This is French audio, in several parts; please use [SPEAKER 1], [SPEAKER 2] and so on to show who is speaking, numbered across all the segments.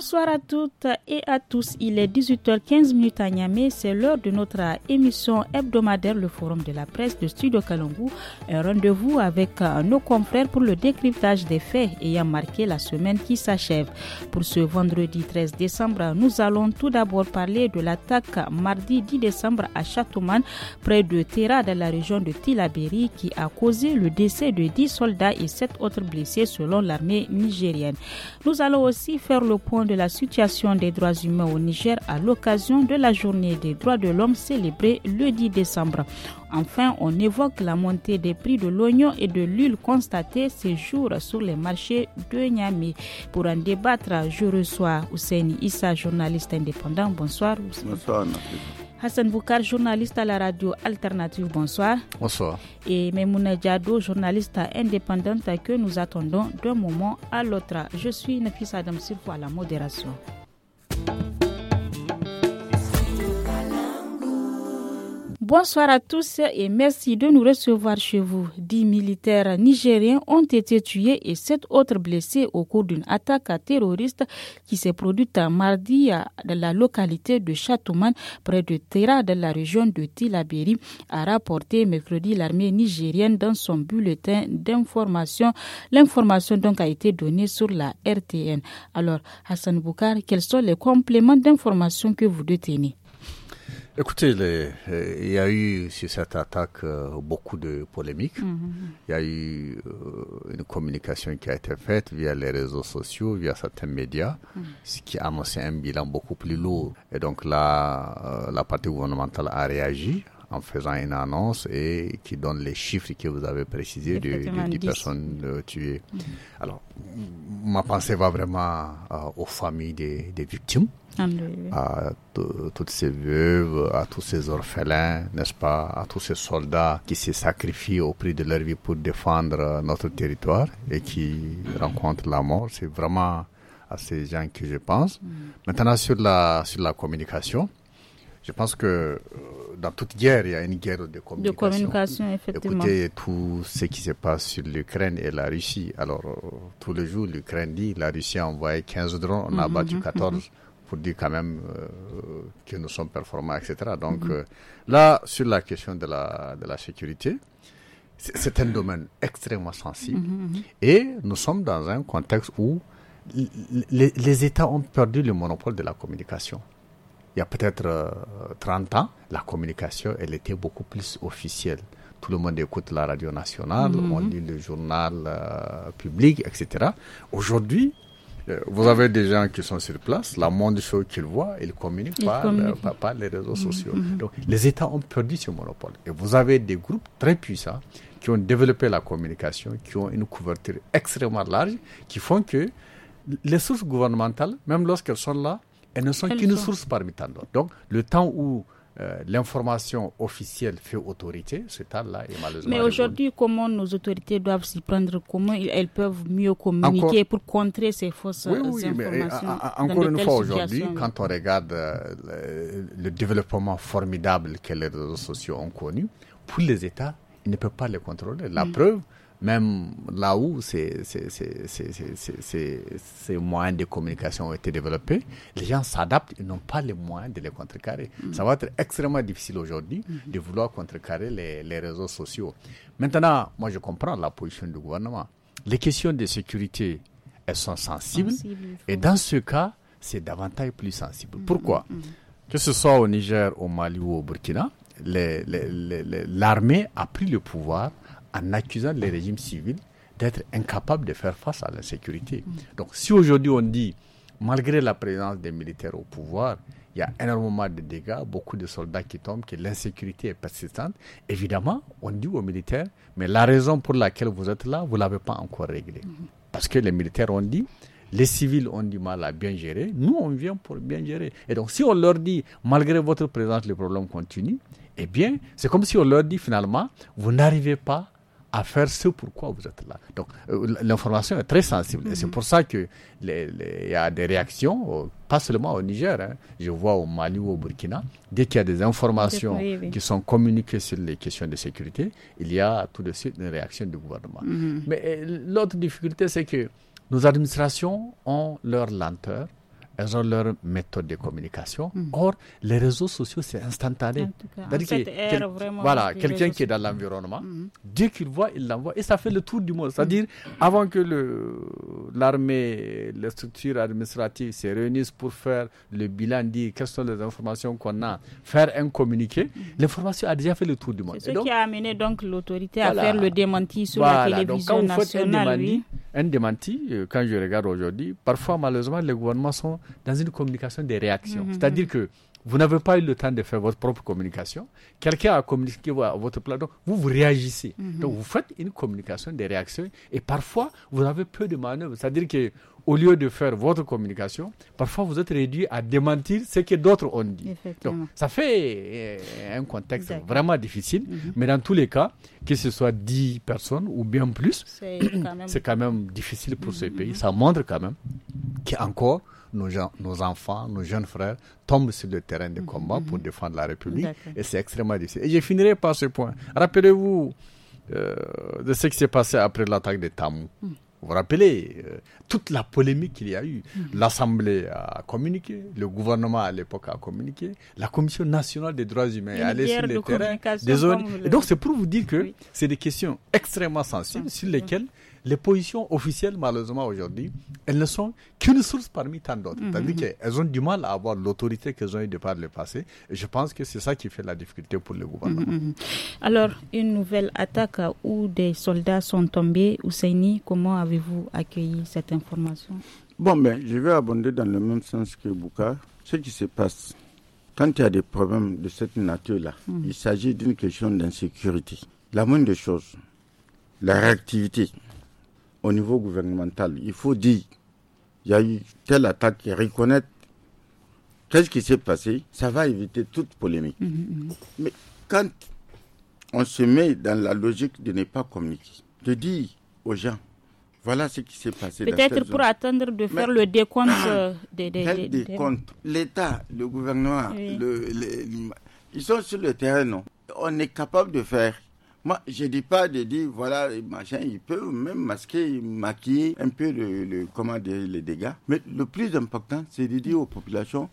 [SPEAKER 1] Bonsoir à toutes et à tous. Il est 18h15 à Niamey. C'est l'heure de notre émission hebdomadaire, le Forum de la presse de Studio Kalongou. Un rendez-vous avec euh, nos confrères pour le décryptage des faits ayant marqué la semaine qui s'achève. Pour ce vendredi 13 décembre, nous allons tout d'abord parler de l'attaque mardi 10 décembre à Châteauman, près de Terra, dans la région de Tilaberi, qui a causé le décès de 10 soldats et 7 autres blessés selon l'armée nigérienne. Nous allons aussi faire le point de la situation des droits humains au Niger à l'occasion de la journée des droits de l'homme célébrée le 10 décembre. Enfin, on évoque la montée des prix de l'oignon et de l'huile constatée ces jours sur les marchés de Niamey. Pour en débattre, je reçois Ousseini Issa, journaliste indépendant. Bonsoir. Bonsoir. Hassan Boukar, journaliste à la radio Alternative, bonsoir. Bonsoir. Et Memouna Diado, journaliste indépendante que nous attendons d'un moment à l'autre. Je suis Nafis Adam Sirfou à la modération. Bonsoir à tous et merci de nous recevoir chez vous. Dix militaires nigériens ont été tués et sept autres blessés au cours d'une attaque terroriste qui s'est produite à mardi à la localité de Chatouman, près de Tera, de la région de Tilaberi, a rapporté mercredi l'armée nigérienne dans son bulletin d'information. L'information donc a été donnée sur la RTN. Alors, Hassan Boukar, quels sont les compléments d'information que vous détenez?
[SPEAKER 2] Écoutez, euh, il y a eu sur cette attaque euh, beaucoup de polémiques. Mm-hmm. Il y a eu euh, une communication qui a été faite via les réseaux sociaux, via certains médias, mm-hmm. ce qui a annoncé un bilan beaucoup plus lourd. Et donc là, la partie gouvernementale a réagi en faisant une annonce et qui donne les chiffres que vous avez précisés de, 10 personnes tuées. Mm-hmm. Alors, ma pensée va vraiment aux familles des victimes. Ah, à toutes ces veuves, à tous ces orphelins, n'est-ce pas, à tous ces soldats qui se sacrifient au prix de leur vie pour défendre notre territoire et qui rencontrent la mort. C'est vraiment à ces gens que je pense. Mm. Maintenant, sur la, sur la communication, je pense que euh, dans toute guerre, il y a une guerre de communication. communication,
[SPEAKER 1] effectivement. Écoutez
[SPEAKER 2] tout ce qui se passe sur l'Ukraine et la Russie. Alors, euh, tous les jours, l'Ukraine dit la Russie a envoyé 15 drones, on a mm-hmm, battu 14. Mm-hmm, pour dire quand même euh, que nous sommes performants, etc. Donc mm-hmm. euh, là, sur la question de la, de la sécurité, c'est un domaine extrêmement sensible mm-hmm, mm-hmm. et nous sommes dans un contexte où les, États ont perdu le monopole de la communication il y a peut-être 30 euh, ans, la communication, elle était beaucoup plus officielle. Tout le monde écoute la radio nationale, on lit le journal public, etc. Aujourd'hui, euh, vous avez des gens qui sont sur place, la monde, chose qu'ils voient, ils communiquent, euh, par, les réseaux mm-hmm. sociaux. Mm-hmm. Donc les États ont perdu ce monopole. Et vous avez des groupes très puissants qui ont développé la communication, qui ont une couverture extrêmement large, qui font que les sources gouvernementales, même lorsqu'elles sont là, elles ne sont qu'une source parmi tant d'autres. Donc le temps où euh, l'information officielle fait autorité, c'est là malheureusement. Mais aujourd'hui,
[SPEAKER 1] comment nos autorités doivent s'y prendre Comment elles peuvent mieux communiquer pour contrer ces fausses euh, euh, informations Encore une fois, aujourd'hui,
[SPEAKER 2] quand on regarde le, développement formidable que les réseaux sociaux ont connu, pour les États, ils ne peuvent pas les contrôler. La mm. preuve, même là où ces, moyens de communication ont été développés, les gens s'adaptent, ils n'ont pas les moyens de les contrecarrer. Mm. Ça va être extrêmement difficile aujourd'hui mm-hmm. de vouloir contrecarrer les, réseaux sociaux. Maintenant, moi je comprends la position du gouvernement. Les questions de sécurité, elles sont sensibles. et dans ce cas, c'est davantage plus sensible. Mm-hmm. Pourquoi mm-hmm. Que ce soit au Niger, au Mali ou au Burkina, l'armée a pris le pouvoir en accusant les régimes civils d'être incapables de faire face à l'insécurité. Donc si aujourd'hui on dit, malgré la présence des militaires au pouvoir, il y a énormément de dégâts, beaucoup de soldats qui tombent, que l'insécurité est persistante. Évidemment, on dit aux militaires, mais la raison pour laquelle vous êtes là, vous ne l'avez pas encore réglée. Parce que les militaires ont dit, les civils ont du mal à bien gérer, nous on vient pour bien gérer. Et donc si on leur dit, malgré votre présence, le problème continue, eh bien, c'est comme si on leur dit finalement, vous n'arrivez pas à faire ce pourquoi vous êtes là. Donc euh, l'information est très sensible et c'est mm-hmm. pour ça que y a des réactions, pas seulement au Niger, hein. je vois au Mali ou au Burkina, dès qu'il y a des informations qui sont communiquées sur les questions de sécurité, il y a tout de suite une réaction du gouvernement. Mm-hmm. Mais euh, l'autre difficulté, c'est que nos administrations ont leur lenteur elles ont leur méthode de communication. Mm-hmm. Or, les réseaux sociaux, c'est instantané. Cas, cette que, voilà, quelqu'un qui est dans l'environnement, mm-hmm. dès qu'il voit, il l'envoie et ça fait le tour du monde. C'est-à-dire, mm-hmm. avant que l'armée, les structures administratives se réunissent pour faire le bilan, dire quelles sont les informations qu'on a, faire un communiqué, l'information a déjà fait le tour du monde. C'est ce qui
[SPEAKER 1] a amené donc l'autorité à faire le démenti sur la télévision donc quand nationale
[SPEAKER 2] un démenti, euh, quand je regarde aujourd'hui, parfois malheureusement les gouvernements sont dans une communication des réactions. Mhm. C'est-à-dire que vous n'avez pas eu le temps de faire votre propre communication. Quelqu'un a communiqué à votre plan, donc vous, vous réagissez. Mhm. Donc vous faites une communication, des réactions, et parfois vous avez peu de manœuvres. C'est-à-dire que au lieu de faire votre communication, parfois vous êtes réduit à démentir ce que d'autres ont dit. Donc ça fait euh, un contexte vraiment difficile, mhm. mais dans tous les cas, que ce soit 10 personnes ou bien plus, c'est quand, même... difficile pour ce mhm. pays. Ça montre quand même qu'encore, nos, nos enfants, nos jeunes frères tombent sur le terrain de mhm, combat pour mhm. défendre la République. Et c'est extrêmement difficile. Et je finirai par ce point. Rappelez-vous euh, de ce qui s'est passé après l'attaque des Tamou. Mhm. Vous vous rappelez euh, toute la polémique qu'il y a eu. L'Assemblée a communiqué, le gouvernement à l'époque a communiqué, la Commission nationale des droits humains a allée sur le terrain. des Et donc c'est pour vous dire que c'est des questions extrêmement sensibles sur lesquelles les positions officielles, malheureusement, aujourd'hui, elles ne sont qu'une source parmi tant d'autres. Mhm. C'est-à-dire qu'elles ont du mal à avoir l'autorité qu'elles ont eu de par le passé. Et je pense que c'est ça qui fait la difficulté pour le gouvernement.
[SPEAKER 1] Mhm, mhm, Alors, une nouvelle attaque où des soldats sont tombés, Ousseini, comment avez-vous accueilli cette information
[SPEAKER 3] Bon, ben, je vais abonder dans le même sens que Bouka. Ce qui se passe, quand il y a des problèmes de cette nature-là, il s'agit d'une question d'insécurité. La moindre chose, la réactivité, au niveau gouvernemental. Il faut dire, il y a eu telle attaque et reconnaître qu'est-ce qui s'est passé. Ça va éviter toute polémique. Mm-hmm, mm-hmm. Mais quand on se met dans la logique de ne pas communiquer, de dire aux gens, voilà ce qui s'est passé. Peut-être pour
[SPEAKER 1] attendre de faire le décompte ah, euh, des, des,
[SPEAKER 3] L'État, le gouvernement, ils sont sur le terrain, non On est capable de faire moi, je ne dis pas de dire, voilà, machin, il peut même masquer, maquiller un peu le, comment les dégâts. Mais le plus important, c'est de dire aux populations,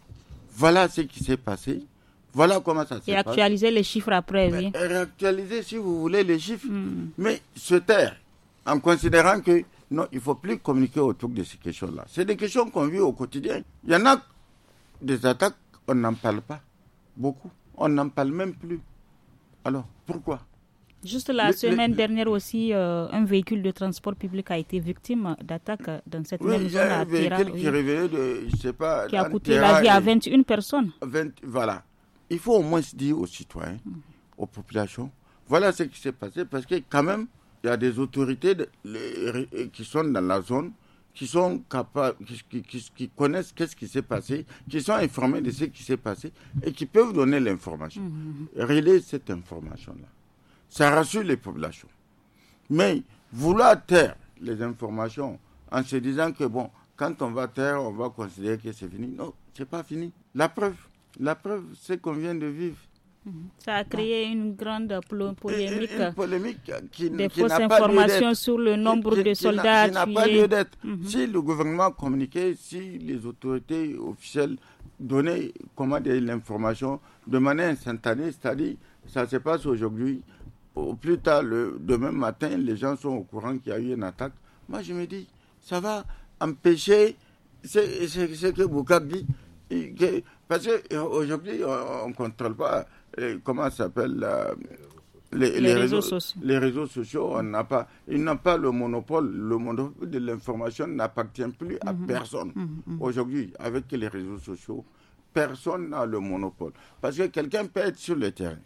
[SPEAKER 3] voilà ce qui s'est passé. Voilà comment ça s'est passé. Et actualiser
[SPEAKER 1] les chiffres après, oui. Et
[SPEAKER 3] Réactualiser, si vous voulez, les chiffres. Hmm. Mais se taire, en considérant que non, il ne faut plus communiquer autour de ces questions-là. C'est des questions qu'on vit au quotidien. Il y en a des attaques, on n'en parle pas beaucoup. On n'en parle même plus. Alors, pourquoi
[SPEAKER 1] Juste la semaine dernière aussi, euh, un véhicule de transport public a été victime d'attaque dans cette même zone à un véhicule qui, je sais pas, qui a coûté la vie à 21
[SPEAKER 3] personnes. voilà. Il faut au moins se dire aux citoyens, mm. aux populations, voilà ce qui s'est passé, parce que quand même, il y a des autorités qui sont dans la zone, qui sont capables, qui, connaissent qu'est-ce qui s'est passé, qui sont informés de ce qui s'est passé et qui peuvent donner l'information, mmh. cette information-là. Ça rassure les populations. Mais vouloir taire les informations en se disant que, bon, quand on va taire, on va considérer que c'est fini. Non, c'est pas fini. La preuve, la preuve, c'est qu'on vient de vivre. Mhm.
[SPEAKER 1] Ça a créé une grande polémique. Une polémique qui, des fausses informations sur le nombre de soldats qui n'a pas lieu d'être.
[SPEAKER 3] Mhm. Si le gouvernement communiquait, si les autorités officielles donnaient, l'information de manière instantanée, c'est-à-dire ça se passe aujourd'hui, au plus tard, le demain matin, les gens sont au courant qu'il y a eu une attaque. Moi, je me dis, ça va empêcher ce que Boukab dit. Que, parce qu'aujourd'hui, euh, on ne contrôle pas euh, comment s'appelle euh, les, réseaux, sociaux. Les réseaux sociaux, on n'a pas, ils n'ont pas le monopole. Le monopole de l'information n'appartient plus à mhm. personne. Mhm, mhm. Aujourd'hui, avec les réseaux sociaux, personne n'a le monopole. Parce que quelqu'un peut être sur le terrain.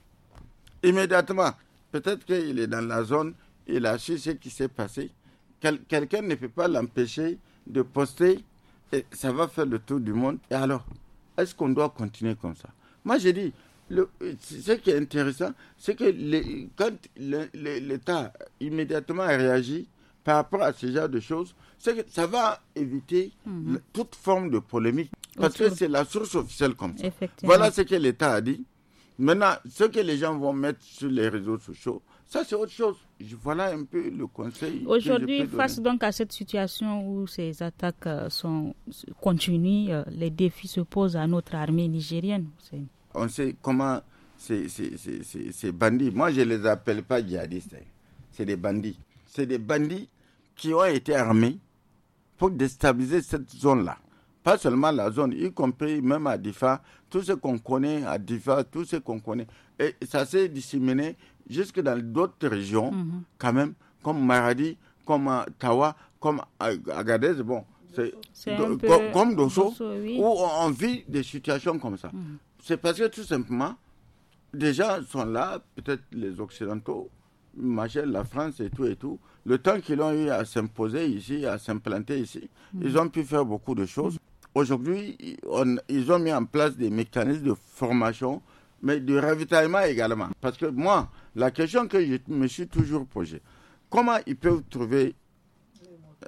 [SPEAKER 3] Immédiatement, Peut-être qu'il est dans la zone, il a su ce qui s'est passé. Quelqu'un ne peut pas l'empêcher de poster et ça va faire le tour du monde. Et alors, est-ce qu'on doit continuer comme ça Moi, j'ai dit, ce qui est intéressant, c'est que quand l'État immédiatement réagit par rapport à ce genre de choses, c'est que ça va éviter mhm. toute forme de polémique parce que c'est la source officielle comme ça. Voilà ce que l'État a dit. Maintenant, ce que les gens vont mettre sur les réseaux sociaux, ça, c'est autre chose. Voilà un peu le conseil. Aujourd'hui, face
[SPEAKER 1] donc à cette situation où ces attaques euh, sont, continuent, euh, les défis se posent à notre armée nigérienne.
[SPEAKER 3] On sait comment ces, ces, bandits, moi je ne les appelle pas djihadistes, hein. c'est des bandits. C'est des bandits qui ont été armés pour déstabiliser cette zone-là pas seulement la zone, y compris même à Difa, tout ce qu'on connaît à Difa, tout ce qu'on connaît. Et ça s'est disséminé jusque dans d'autres régions, mhm. quand même, comme Maradi, comme euh, Tawa, comme euh, Agadez, bon, c'est comme, Dosso, où on vit des situations comme ça. Mhm. C'est parce que tout simplement, déjà sont là, peut-être les Occidentaux, Machel, la France et tout et tout. Le temps qu'ils ont eu à s'imposer ici, à s'implanter ici, mhm. ils ont pu faire beaucoup de choses. Aujourd'hui, ils ont mis en place des mécanismes de formation, mais de ravitaillement également. Parce que moi, la question que je me suis toujours posée, comment ils peuvent trouver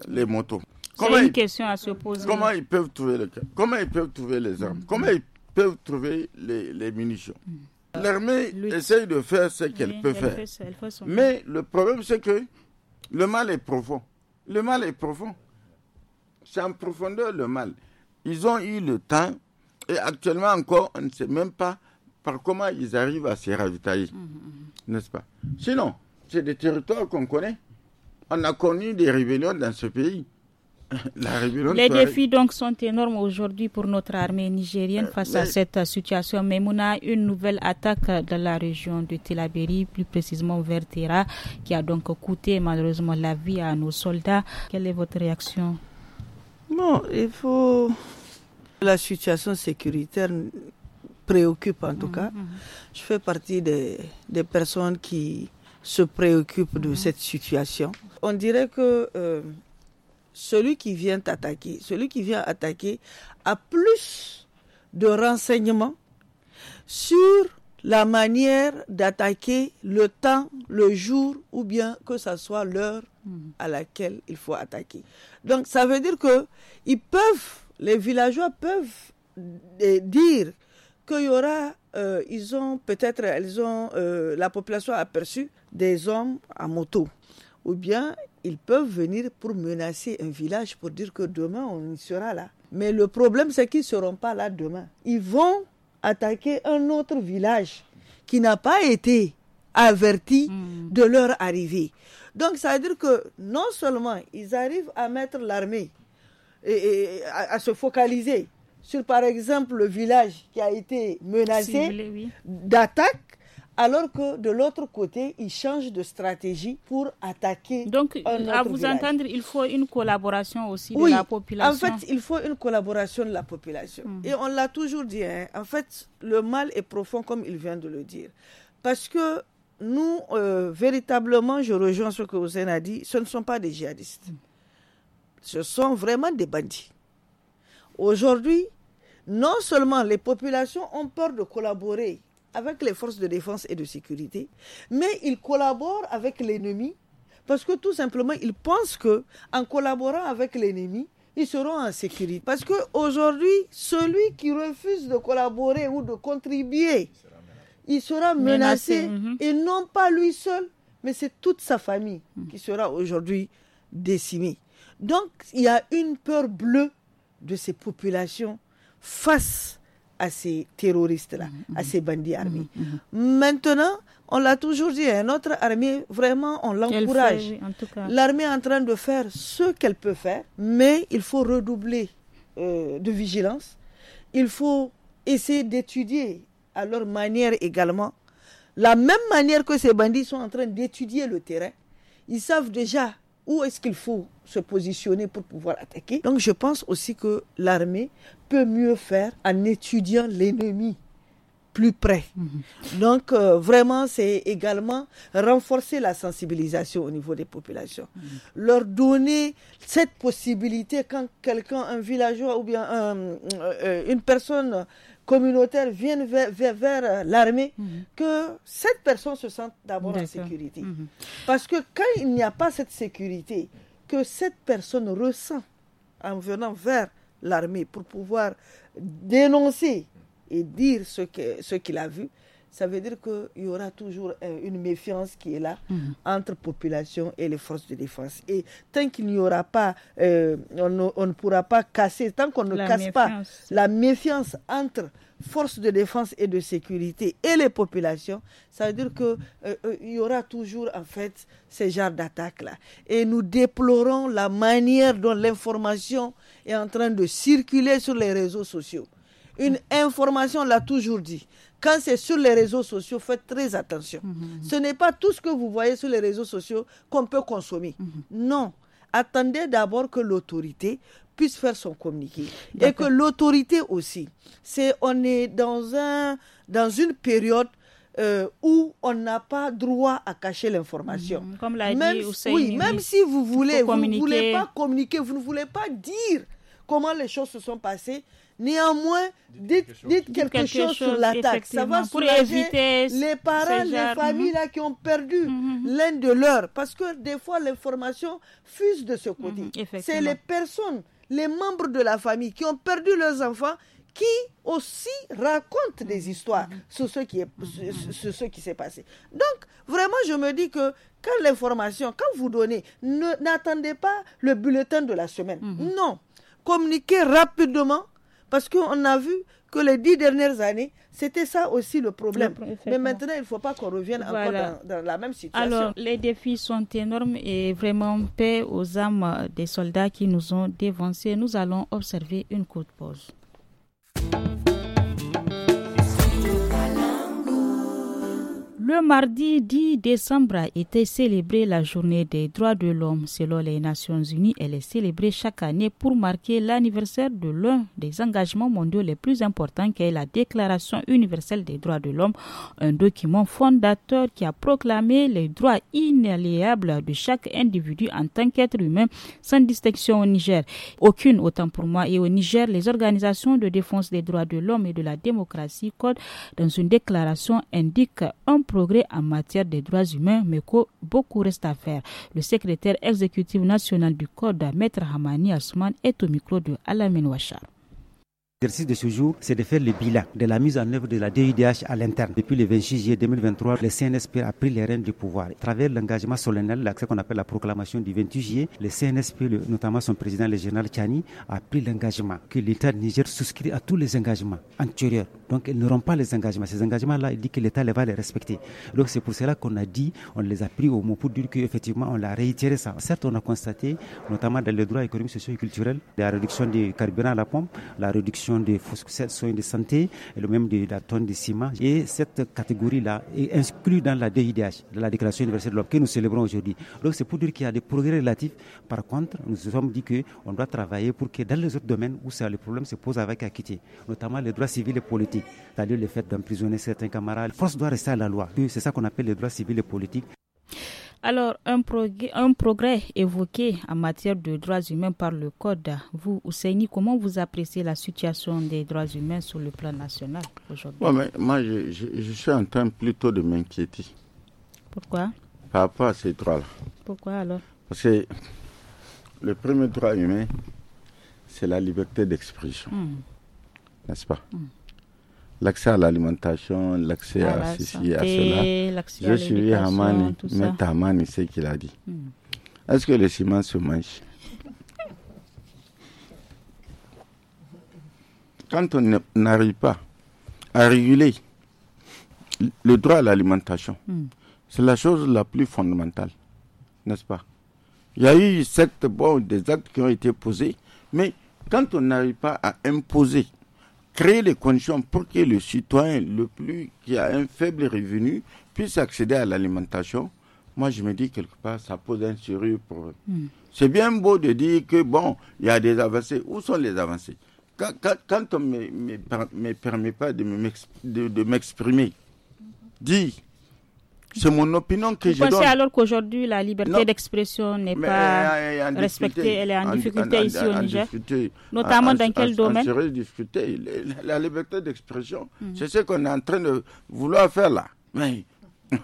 [SPEAKER 3] les motos C'est une
[SPEAKER 1] question à se poser. Comment
[SPEAKER 3] ils peuvent trouver les, comment ils peuvent trouver les armes mm. Comment ils peuvent trouver les, munitions mm. L'armée euh, essaye de faire ce qu'elle peut faire. Mais le problème, c'est que le mal est profond. Le mal est profond. C'est en profondeur le mal ils ont eu le temps et actuellement encore, on ne sait même pas par comment ils arrivent à se ravitailler. Mhm,
[SPEAKER 4] mhm.
[SPEAKER 3] N'est-ce pas Sinon, c'est des territoires qu'on connaît. On a connu des rébellions dans ce pays. Les défis
[SPEAKER 1] donc sont énormes aujourd'hui pour notre armée nigérienne euh, face à cette situation. Mais on a une nouvelle attaque dans la région de Telabéry, plus précisément vers Tera, qui a donc coûté malheureusement la vie à nos soldats. Quelle est votre réaction
[SPEAKER 5] non, il faut. La situation sécuritaire préoccupe en tout mm, cas. Mm, mm. Je fais partie des, des, personnes qui se préoccupent de cette situation. On dirait que euh, celui qui vient attaquer, celui qui vient attaquer a plus de renseignements sur la manière d'attaquer le temps, le jour ou bien que ce soit l'heure à laquelle il faut attaquer. Donc ça veut dire que ils peuvent, les villageois peuvent euh, dire qu'il y aura, euh, ils ont peut-être, elles ont, euh, la population a aperçu des hommes à moto. Ou bien ils peuvent venir pour menacer un village pour dire que demain on y sera là. Mais le problème c'est qu'ils ne seront pas là demain. Ils vont attaquer un autre village qui n'a pas été averti hmm. de leur arrivée. Donc, ça veut dire que non seulement ils arrivent à mettre l'armée et, à, se focaliser sur, par exemple, le village qui a été menacé d'attaque, alors que de l'autre côté, ils changent de stratégie pour attaquer. Donc, un autre à vous entendre,
[SPEAKER 1] il faut une collaboration aussi de la population. En fait,
[SPEAKER 5] il faut une collaboration de la population. Hmm. Et on l'a toujours dit, hein, en fait, le mal est profond, comme il vient de le dire. Parce que nous, euh, véritablement, je rejoins ce que Hussein a dit, ce ne sont pas des djihadistes. Hmm. Ce sont vraiment des bandits. Aujourd'hui, non seulement les populations ont peur de collaborer avec les forces de défense et de sécurité, mais ils collaborent avec l'ennemi parce que tout simplement, ils pensent que en collaborant avec l'ennemi, ils seront en sécurité. Parce que celui qui refuse de collaborer ou de contribuer, il sera menacé, menacé mm-hmm. et non pas lui seul, mais c'est toute sa famille mm. qui sera aujourd'hui décimée. Donc, il y a une peur bleue de ces populations face à ces terroristes-là, mm-hmm. à ces bandits armés. Mm-hmm. Mm-hmm. Maintenant, on l'a toujours dit, hein, notre armée, vraiment, on l'encourage. L'armée est en train de faire ce qu'elle peut faire, mais il faut redoubler euh, de vigilance. Il faut essayer d'étudier à leur manière également. La même manière que ces bandits sont en train d'étudier le terrain, ils savent déjà où est-ce qu'il faut se positionner pour pouvoir attaquer. Donc je pense aussi que l'armée peut mieux faire en étudiant l'ennemi plus près. Mhm. Donc euh, vraiment, c'est également renforcer la sensibilisation au niveau des populations. Mhm. Leur donner cette possibilité quand quelqu'un, un villageois ou bien euh, euh, une personne communautaires viennent vers, euh, l'armée, mhm. que cette personne se sente d'abord en sécurité. Mhm. Parce que quand il n'y a pas cette sécurité que cette personne ressent en venant vers l'armée pour pouvoir dénoncer et dire ce qu'il ce a vu, ça veut dire qu'il y aura toujours euh, une méfiance qui est là mhm. entre population et les forces de défense. Et tant qu'il n'y aura pas, euh, on, ne pourra pas casser, tant qu'on ne casse pas la méfiance entre forces de défense et de sécurité et les populations, ça veut dire qu'il euh, y aura toujours en fait ces genres dattaque là Et nous déplorons la manière dont l'information est en train de circuler sur les réseaux sociaux. Une mhm. information, on l'a toujours dit, quand c'est sur les réseaux sociaux, faites très attention. Mhm. Ce n'est pas tout ce que vous voyez sur les réseaux sociaux qu'on peut consommer. Mhm. Non. Attendez d'abord que l'autorité puisse faire son communiqué et que l'autorité aussi. C'est on est dans un dans une période euh, où on n'a pas droit à cacher l'information. Mhm. Comme l'a Oui, même si vous voulez, vous ne voulez pas communiquer, vous ne voulez pas dire comment les choses se sont passées, Néanmoins, dites, quelque, chose, sur l'attaque. Ça va pour les parents, les familles hein. qui ont perdu mm-hmm, mm-hmm. l'un de leurs. Parce que des fois, l'information fuse de ce mm-hmm, côté. C'est les personnes, les membres de la famille qui ont perdu leurs enfants qui aussi racontent des histoires sur ce qui est, ce s'est passé. Donc, vraiment, je me dis que quand l'information, quand vous donnez, n'attendez pas le bulletin de la semaine. Non. Communiquez rapidement parce qu'on a vu que les dix dernières années, c'était ça aussi le problème. Mais maintenant, il ne faut pas qu'on revienne encore dans, la même situation. Alors, les
[SPEAKER 1] défis sont énormes et vraiment paix aux âmes des soldats qui nous ont dévancés. Nous allons observer une courte pause. Le mardi 10 décembre a été célébrée la journée des droits de l'homme. Selon les Nations Unies, elle est célébrée chaque année pour marquer l'anniversaire de l'un des engagements mondiaux les plus importants qui est la Déclaration universelle des droits de l'homme, un document fondateur qui a proclamé les droits inaliénables de chaque individu en tant qu'être humain sans distinction au Niger. Aucune, autant pour moi, et au Niger, les organisations de défense des droits de l'homme et de la démocratie code dans une déclaration indique un projet en matière des droits humains, mais beaucoup reste à faire. Le secrétaire exécutif national du Code, Maître Hamani Asman, est au micro de Alamin Ouachar.
[SPEAKER 4] L'exercice de ce jour, c'est de faire le bilan de la mise en œuvre de la DUDH à l'interne. Depuis le 26 juillet 2023, le CNSP a pris les rênes du pouvoir. À travers l'engagement solennel, ce qu'on appelle la proclamation du 28 juillet, le CNSP, notamment son président, le général Chani, a pris l'engagement que l'État Niger souscrit à tous les engagements antérieurs. Donc, ils n'auront pas les engagements. Ces engagements-là, il dit que l'État les va les respecter. Donc, c'est pour cela qu'on a dit, on les a pris au mot pour dire qu'effectivement, on l'a réitéré ça. Certes, on a constaté, notamment dans les droits économiques, sociaux et culturels, la réduction du carburant à la pompe, la réduction de des soins de santé et le même de la tonne de ciment. Et cette catégorie-là est inclue dans la DIDH, dans la Déclaration universelle de l'homme que nous célébrons aujourd'hui. Donc c'est pour dire qu'il y a des progrès relatifs. Par contre, nous nous sommes dit qu'on doit travailler pour que dans les autres domaines où ça, le problème se pose avec acquitté, notamment les droits civils et politiques, c'est-à-dire le fait d'emprisonner certains camarades. La force doit rester à la loi. C'est ça qu'on appelle les droits civils et politiques.
[SPEAKER 1] Alors, un, progrès, évoqué en matière de droits humains par le Code. Vous, Ousseini, comment vous appréciez la situation des droits humains sur le plan national aujourd'hui
[SPEAKER 3] Moi, je, suis en train plutôt de m'inquiéter. Pourquoi Par rapport à ces droits-là. Pourquoi alors Parce que le premier droit humain, c'est la liberté d'expression. Hmm. N'est-ce pas hmm l'accès à l'alimentation, l'accès ah à, bah, ceci, à cela. Je suis Hamani, mais Hamani, c'est qu'il a dit. Hmm. Est-ce que le ciment se mange Quand on n'arrive pas à réguler le droit à l'alimentation, hmm. c'est la chose la plus fondamentale, n'est-ce pas Il y a eu sept bon, des actes qui ont été posés, mais quand on n'arrive pas à imposer créer les conditions pour que le citoyen le plus qui a un faible revenu puisse accéder à l'alimentation, moi je me dis quelque part ça pose un sérieux problème. Hmm. C'est bien beau de dire que bon, il y a des avancées. Où sont les avancées quand, on ne me, permet pas de m'exprimer, dit c'est mon opinion que je donne. Vous pensez alors
[SPEAKER 1] qu'aujourd'hui, la liberté d'expression n'est pas eh, eh, eh, respectée, elle est en, difficulté ici au Niger
[SPEAKER 3] Notamment dans quel domaine On serait La, liberté d'expression, hmm. c'est ce qu'on est en train de vouloir faire là. Mais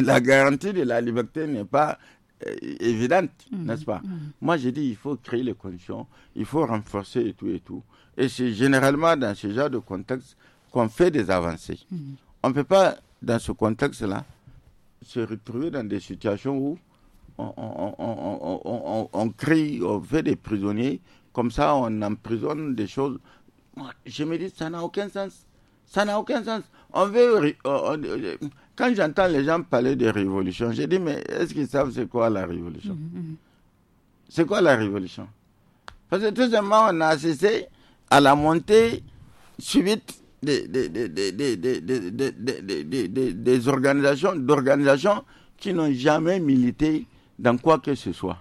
[SPEAKER 3] la, garantie de la liberté n'est pas euh, évidente, hmm. n'est-ce pas hmm. Moi, j'ai dit, il faut créer les conditions, il faut renforcer et tout et tout. Et c'est généralement dans ce genre de contexte qu'on fait des avancées. On ne peut pas dans ce contexte-là, se retrouver dans des situations où on, crie, on fait des prisonniers, comme ça on emprisonne des choses. je me dis, ça n'a aucun sens. Ça n'a aucun sens. On veut, quand j'entends les gens parler de révolution, je dis, mais est-ce qu'ils savent c'est quoi la révolution mm-hmm, mm-hmm. C'est quoi la révolution Parce que tout simplement, on a assisté à la montée subite des, organisations, d'organisations qui n'ont jamais milité dans quoi que ce soit.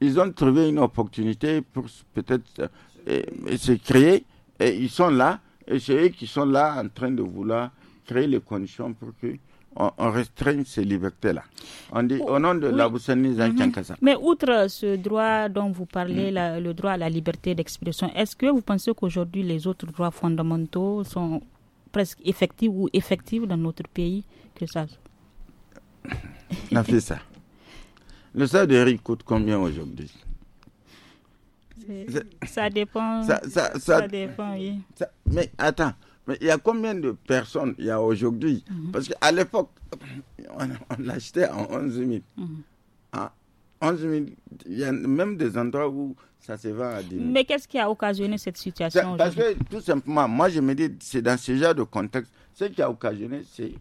[SPEAKER 3] Ils ont trouvé une opportunité pour peut-être se créer et ils sont là et c'est eux qui sont là en train de vouloir créer les conditions pour que on, restreint ces libertés-là. On dit oh, au nom de la Boussani mhm. Mais
[SPEAKER 1] outre ce droit dont vous parlez, mm. le droit à la liberté d'expression, est-ce que vous pensez qu'aujourd'hui les autres droits fondamentaux sont presque effectifs ou effectifs dans notre pays que ça
[SPEAKER 3] On a fait ça. Le salaire coûte combien aujourd'hui
[SPEAKER 4] ça dépend. Ça, ça dépend, oui.
[SPEAKER 3] mais attends, il y a combien de personnes il y a aujourd'hui mhm. Parce qu'à l'époque, on, l'achetait à 11 000. il y a même des endroits où ça se vend à 10 000.
[SPEAKER 1] Mais qu'est-ce qui a occasionné cette situation Parce que
[SPEAKER 3] tout simplement, moi je me dis, c'est dans ce genre de contexte, ce qui a occasionné, c'est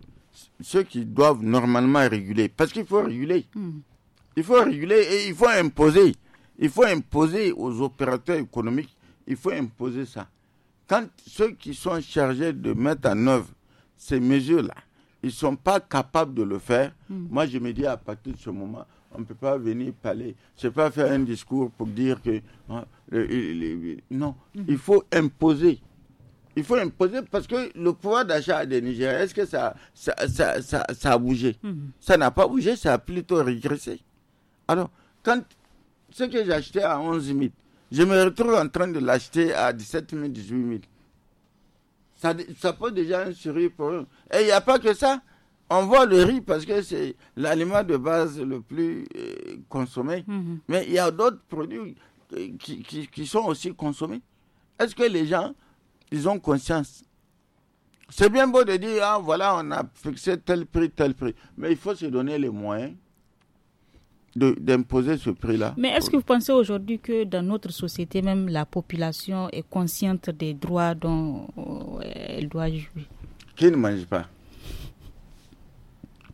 [SPEAKER 3] ceux qui doivent normalement réguler. Parce qu'il faut réguler. Mhm. Il faut réguler et il faut imposer. Il faut imposer aux opérateurs économiques, il faut imposer ça quand ceux qui sont chargés de mettre en œuvre ces mesures-là, ils ne sont pas capables de le faire, hmm. moi je me dis à partir de ce moment, on ne peut pas venir parler, je ne pas faire un discours pour dire que... Hein, non, hmm. il faut imposer. Il faut imposer parce que le pouvoir d'achat des Nigériens, est-ce que ça, ça, a bougé hmm. Ça n'a pas bougé, ça a plutôt régressé. Alors, quand ce que j'achetais à 11 000, je me retrouve en train de l'acheter à 17 000, 18 000. Ça, ça pose déjà un pour eux. Et il n'y a pas que ça. On voit le riz parce que c'est l'aliment de base le plus euh, consommé. Mhm. Mais il y a d'autres produits euh, qui, qui, qui sont aussi consommés. Est-ce que les gens, ils ont conscience C'est bien beau de dire, ah, voilà, on a fixé tel prix, tel prix. Mais il faut se donner les moyens d'imposer ce prix-là. Mais est-ce que vous
[SPEAKER 1] pensez aujourd'hui que dans notre société, même la population est consciente des droits dont euh, elle doit jouer
[SPEAKER 3] Qui ne mange pas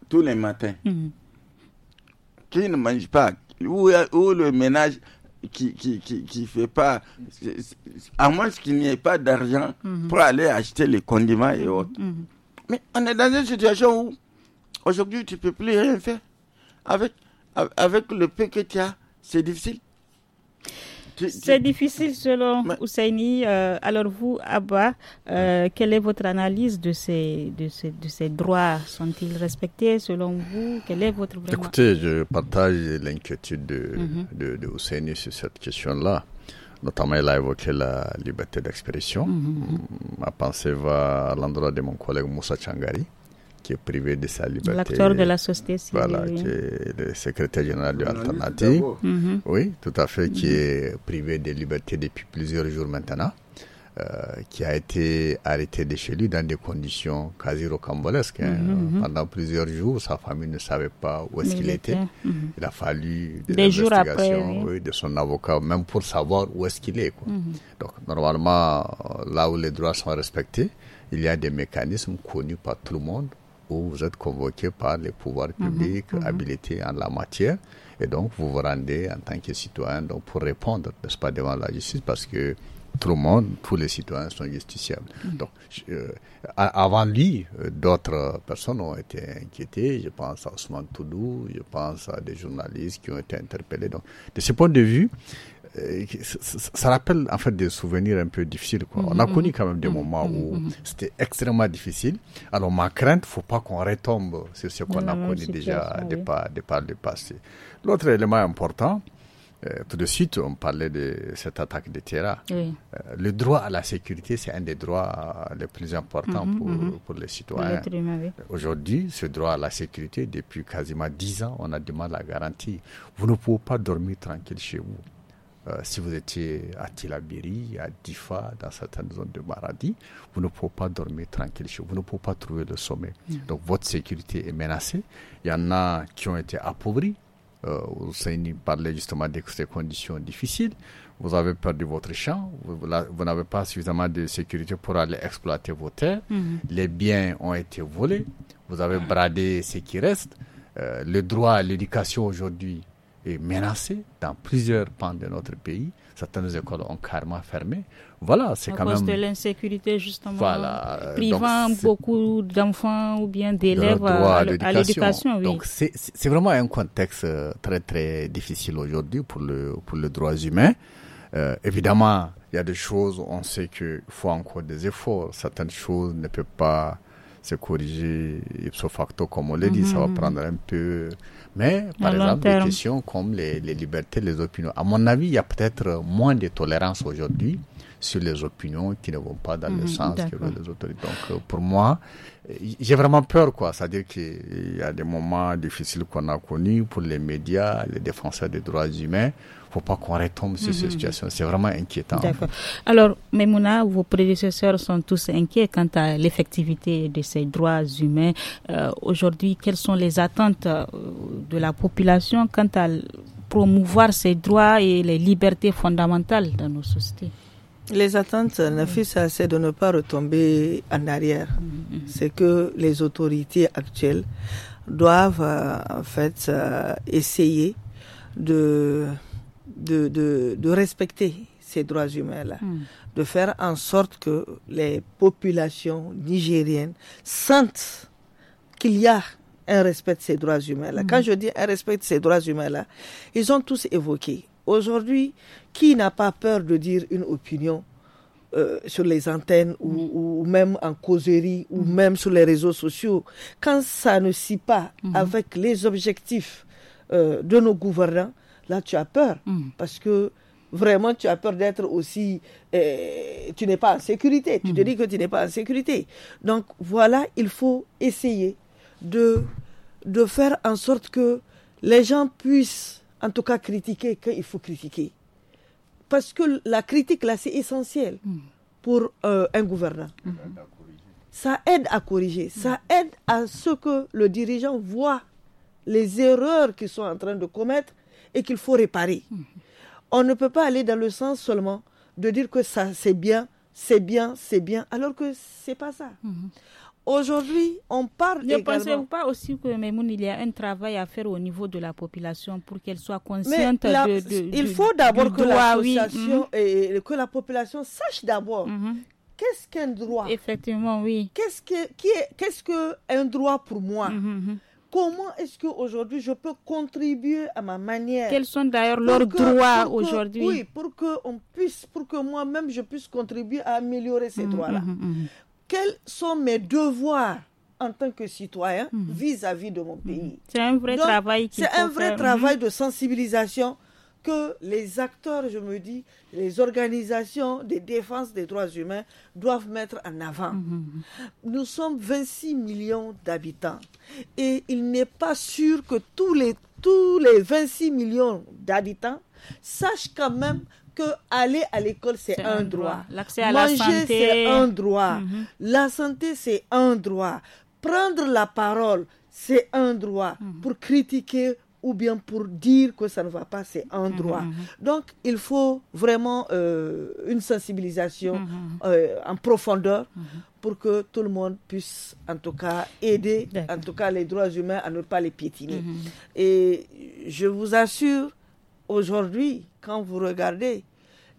[SPEAKER 3] Tous les matins. Mhm. Qui ne mange pas où, le ménage qui qui, qui, fait pas. À moins qu'il n'y ait pas d'argent mhm. pour aller acheter les condiments et autres. Mhm. Mais on est dans une situation où aujourd'hui tu peux plus rien faire avec avec le peu que tu as, c'est difficile.
[SPEAKER 1] C'est difficile selon Mais... Euh, alors vous, Abba, euh, quelle est votre analyse de ces, de droits Sont-ils respectés selon vous Quelle est votre Écoutez,
[SPEAKER 2] je partage l'inquiétude de, mhm. sur cette question-là. Notamment, il a évoqué la liberté d'expression. Mhm. Ma pensée va à l'endroit de mon collègue Moussa Changari qui est privé de sa liberté. L'acteur de
[SPEAKER 1] la société Voilà, qui
[SPEAKER 2] est le secrétaire général de l'Alternative. Mhm. Oui, tout à fait, qui mhm. est privé de liberté depuis plusieurs jours maintenant. Euh, qui a été arrêté de chez lui dans des conditions quasi rocambolesques. Hein. Mhm, Pendant plusieurs jours, sa famille ne savait pas où est-ce qu'il était. Il a fallu des, des investigations après, oui. de son avocat, même pour savoir où est-ce qu'il est. Donc normalement, là où les droits sont respectés, il y a des mécanismes connus par tout le monde où vous êtes convoqué par les pouvoirs mhm, publics mhm. habilités en la matière. Et donc, vous vous rendez en tant que citoyen donc, pour répondre, n'est-ce pas, devant la justice, parce que tout le monde, tous les citoyens sont justiciables. Mhm. Donc, euh, avant lui, euh, d'autres personnes ont été inquiétées. Je pense à Osman Toudou, je pense à des journalistes qui ont été interpellés. Donc, de ce point de vue, ça rappelle en fait des souvenirs un peu difficiles. On a mm-hmm. connu quand même des mm-hmm. moments où mm-hmm. c'était extrêmement difficile. Alors ma crainte, faut pas qu'on retombe sur ce qu'on a connu déjà de par, de le passé. L'autre élément important, euh, tout de suite, on parlait de cette attaque de Terra. Euh, le droit à la sécurité, c'est un des droits euh, les plus importants pour, pour, les citoyens. Aujourd'hui, ce droit à la sécurité, depuis quasiment dix ans, on a du mal à garantir. Vous ne pouvez pas dormir tranquille chez vous. Euh, si vous étiez à Tilabiri, à Difa, dans certaines zones de Maradi, vous ne pouvez pas dormir tranquille vous ne pouvez pas trouver le sommeil. Mm. Donc votre sécurité est menacée. Il y en a qui ont été appauvris. Euh, Ousseini parlait justement de ces conditions difficiles. Vous avez perdu votre champ, vous, n'avez pas suffisamment de sécurité pour aller exploiter vos terres. Mm-hmm. Les biens ont été volés, vous avez bradé ce qui reste. Euh, le droit à l'éducation aujourd'hui, est menacée dans plusieurs pans de notre pays. Certaines écoles ont carrément fermé. Voilà, c'est quand cause de
[SPEAKER 1] l'insécurité, justement. Voilà. Euh, privant beaucoup d'enfants ou bien d'élèves à, l'éducation. Donc,
[SPEAKER 2] c'est vraiment un contexte euh, très, très difficile aujourd'hui pour le, pour les droits humains. Euh, évidemment, il y a des choses, on sait qu'il faut encore des efforts. Certaines choses ne peuvent pas se corriger ipso facto, comme on l'a dit. Ça va mhm. prendre un peu mais, par exemple, des questions comme les, les, libertés, les opinions. À mon avis, il y a peut-être moins de tolérance aujourd'hui sur les opinions qui ne vont pas dans le mhm, sens que veulent les autorités. Donc, euh, pour moi, euh, j'ai vraiment peur, quoi. C'est-à-dire qu'il y a des moments difficiles qu'on a connus pour les médias, les défenseurs des droits humains. Faut pas qu'on retombe sur ces mhm. situations. C'est vraiment inquiétant. D'accord.
[SPEAKER 1] Alors, Memouna, vos prédécesseurs sont tous inquiets quant à l'effectivité de ces droits humains. Euh, aujourd'hui, quelles sont les attentes de la population quant à promouvoir ces droits et les libertés fondamentales
[SPEAKER 5] dans nos sociétés les attentes, mm. le c'est de ne pas retomber en arrière. Mm, mm, c'est que les autorités actuelles doivent euh, en fait euh, essayer de, de, respecter ces droits humains-là, de faire en sorte que les populations nigériennes sentent qu'il y a un respect de ces droits humains-là. Quand je dis un respect de ces droits humains-là, ils ont tous évoqué Aujourd'hui, qui n'a pas peur de dire une opinion euh, sur les antennes mm. ou, même en causerie ou mm. même sur les réseaux sociaux, quand ça ne s'y pas mm-hmm. avec les objectifs euh, de nos gouvernants, là tu as peur mm. parce que vraiment tu as peur d'être aussi, euh, tu n'es pas en sécurité, tu te dis que tu n'es pas en sécurité. Donc voilà, il faut essayer de, de faire en sorte que les gens puissent en tout cas critiquer il faut critiquer. Parce que la critique, là, c'est essentiel mm. pour euh, un gouvernant. Ça aide à corriger, ça aide à mm. ce que le dirigeant voit les erreurs qu'ils sont en train de commettre et qu'il faut réparer. Mm. On ne peut pas aller dans le sens seulement de dire que ça c'est bien, c'est bien, c'est bien, alors que ce n'est pas ça. Aujourd'hui, on parle de également... Ne pensez
[SPEAKER 1] pas aussi que Memoun, il y a un travail à faire au niveau de la population pour qu'elle soit consciente de, Il faut d'abord que, mm-hmm.
[SPEAKER 5] et, que la population sache d'abord mm-hmm. qu'est-ce qu'un droit. Effectivement, oui. Qu'est-ce que qui est qu'est-ce que un droit pour moi. Mm-hmm, Comment est-ce qu'aujourd'hui je peux contribuer à ma manière Quels sont d'ailleurs leurs droits aujourd'hui Oui, pour que on puisse, pour que moi-même je puisse contribuer à améliorer ces droits-là quels sont mes devoirs en tant que citoyen mhm. vis-à-vis de mon pays. Mhm. C'est un vrai travail. C'est un vrai travail mhm. de sensibilisation que les acteurs, je me dis, les organisations de défense des droits humains doivent mettre en avant. Nous sommes 26 millions d'habitants et il n'est pas sûr que tous les, tous les 26 millions d'habitants sachent quand même que aller à l'école, c'est un, droit. L'accès À Manger, c'est un droit. Mm-hmm. La santé, c'est un droit. Prendre la parole, c'est un droit. Mm-hmm. Pour critiquer ou bien pour dire que ça ne va pas, c'est un mm-hmm, droit. Donc, il faut vraiment euh, une sensibilisation euh, en profondeur pour que tout le monde puisse, en tout cas, aider, en tout cas, les droits humains à ne pas les piétiner. Et je vous assure, aujourd'hui, quand vous regardez,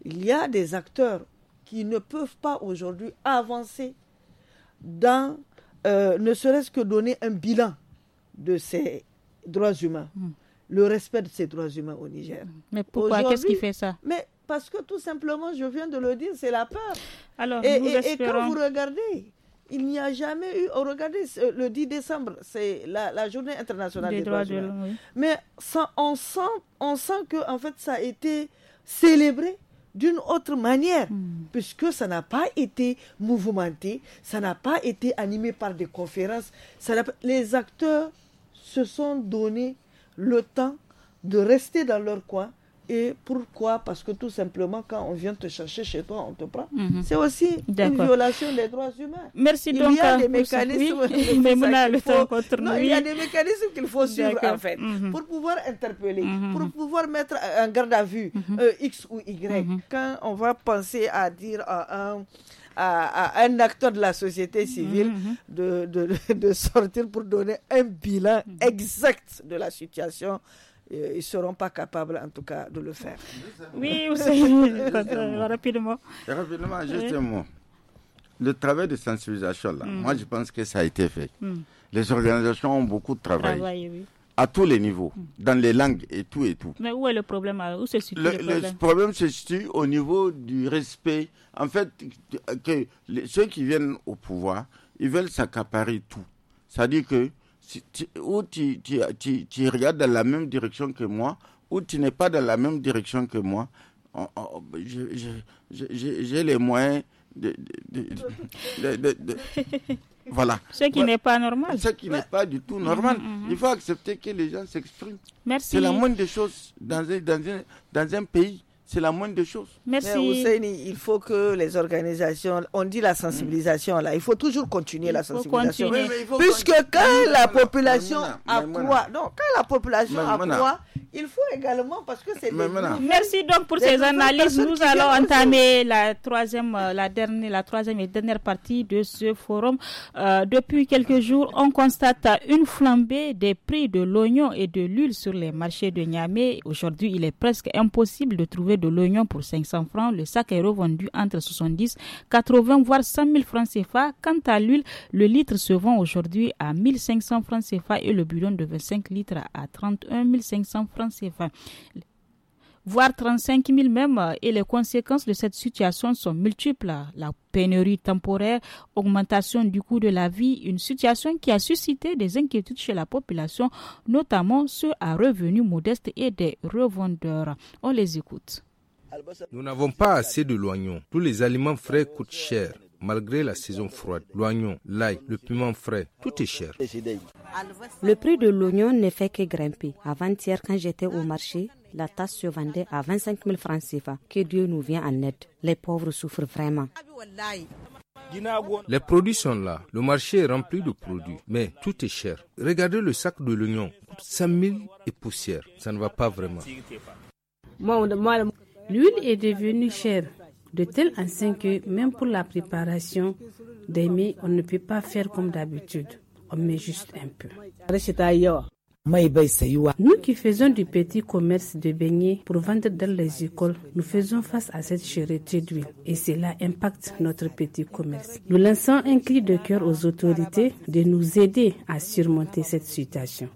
[SPEAKER 5] il y a des acteurs qui ne peuvent pas aujourd'hui avancer dans, euh, ne serait-ce que donner un bilan de ces droits humains, hmm. le respect de ces droits humains au Niger. Hmm. Mais pourquoi Qu'est-ce qui fait ça Mais parce que tout simplement, je viens de le dire, c'est la peur. Alors, et quand vous regardez il n'y a jamais eu, oh, regardez, le 10 décembre, c'est la, journée internationale des, droits, de l'homme. Mais on, sent, on que en fait, ça a été célébré d'une autre manière, hmm. puisque ça n'a pas été mouvementé, ça n'a pas été animé par des conférences. les acteurs se sont donnés le temps de rester dans leur coin, et pourquoi Parce que tout simplement, quand on vient te chercher chez toi, on te prend. Mhm. C'est aussi une violation des droits humains. Merci il Y a des hein, mécanismes il y a des mécanismes qu'il faut suivre, en fait, mhm. pour pouvoir interpeller, mhm. pour pouvoir mettre un garde à vue euh, X ou Y. Quand on va penser à dire à un. À, un acteur de la société civile de, de, de, sortir pour donner un bilan exact de la situation ils ne seront pas capables, en tout cas, de le faire. Oui, savez, rapidement.
[SPEAKER 3] Rapidement, justement. Le travail de sensibilisation, là, hmm. moi, je pense que ça a été fait. Hmm. Les organisations ont beaucoup de Travail, À tous les niveaux, hmm. dans les langues et tout et tout.
[SPEAKER 1] Mais où est le problème Où se situe le, problème Le
[SPEAKER 3] problème se situe au niveau du respect. En fait, que ceux qui viennent au pouvoir, ils veulent s'accaparer tout. C'est-à-dire que ou tu, tu, tu, tu, regardes dans la même direction que moi, ou tu n'es pas dans la même direction que moi. J'ai les moyens de, de, de, Voilà. Ce qui n'est pas normal. Ce qui n'est pas du tout normal. Mm-hmm, mm-hmm. Il faut accepter que les gens s'expriment. Merci. C'est la moindre des choses dans dans un, dans un pays. C'est la moindre des choses. Merci.
[SPEAKER 5] il faut que les organisations, on dit la sensibilisation là, il faut toujours continuer la sensibilisation. Puisque quand la population quoi, non, quand la population a quoi, il faut également parce que c'est. Merci donc pour ces analyses. Nous allons entamer
[SPEAKER 1] la troisième, euh, la dernière, la troisième et dernière partie de ce forum. Euh, depuis quelques jours, on constate une flambée des prix de l'oignon et de l'huile sur les marchés de Niamey. Aujourd'hui, il est presque impossible de trouver de l'oignon pour 500 francs. Le sac est revendu entre 70, 80 voire 100 000 francs CFA. Quant à l'huile, le litre se vend aujourd'hui à 1500 francs CFA et le bidon de 25 litres à 31 500 francs CFA voire 35 000 même, euh, et les conséquences de cette situation sont multiples. La pénurie temporaire, augmentation du coût de la vie, une situation qui a suscité des inquiétudes chez la population, notamment ceux à revenus modestes et des revendeurs. On les écoute.
[SPEAKER 3] Nous n'avons pas assez de loignons. Tous les aliments frais coûtent cher malgré la saison froide. L'oignon, l'ail, le piment frais, tout est cher.
[SPEAKER 1] Le prix de l'oignon ne fait que grimper. Avant-hier, quand j'étais au marché, la tasse se vendait à 25 000 francs CFA. Que Dieu nous vient en aide. Les pauvres souffrent vraiment.
[SPEAKER 3] Les produits sont là. Le marché est rempli de produits, mais tout est cher. Regardez le sac de l'oignon, 5 000 et poussière. Ça ne va pas vraiment.
[SPEAKER 1] L'huile est devenue chère, de telle enceinte que même pour la préparation des mets, on ne peut pas faire comme d'habitude. On met juste un peu. Nous qui faisons du petit commerce de beignets pour vendre dans les écoles, nous faisons face à cette chérité d'huile et cela impacte notre petit commerce. Nous lançons un cri de cœur aux autorités de nous aider à surmonter cette situation.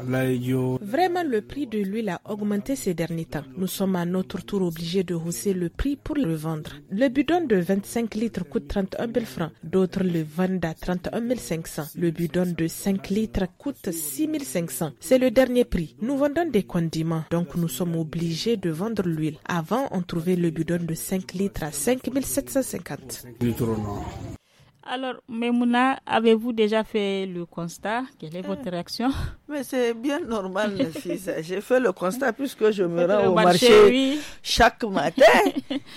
[SPEAKER 4] Vraiment,
[SPEAKER 5] le prix de l'huile a augmenté ces derniers temps. Nous sommes à notre tour obligés de hausser le prix pour le vendre. Le bidon de 25 litres coûte 31 000 francs. D'autres le vendent à 31 500. Le bidon de 5 litres coûte 6 500. C'est le dernier prix. Nous vendons des condiments, donc nous sommes obligés de vendre l'huile. Avant, on trouvait le bidon de 5 litres à 5 750.
[SPEAKER 1] Alors, Memouna, avez-vous déjà fait le constat Quelle est votre euh, réaction
[SPEAKER 5] Mais c'est bien normal, J'ai fait le constat puisque je me rends au marché, chaque matin.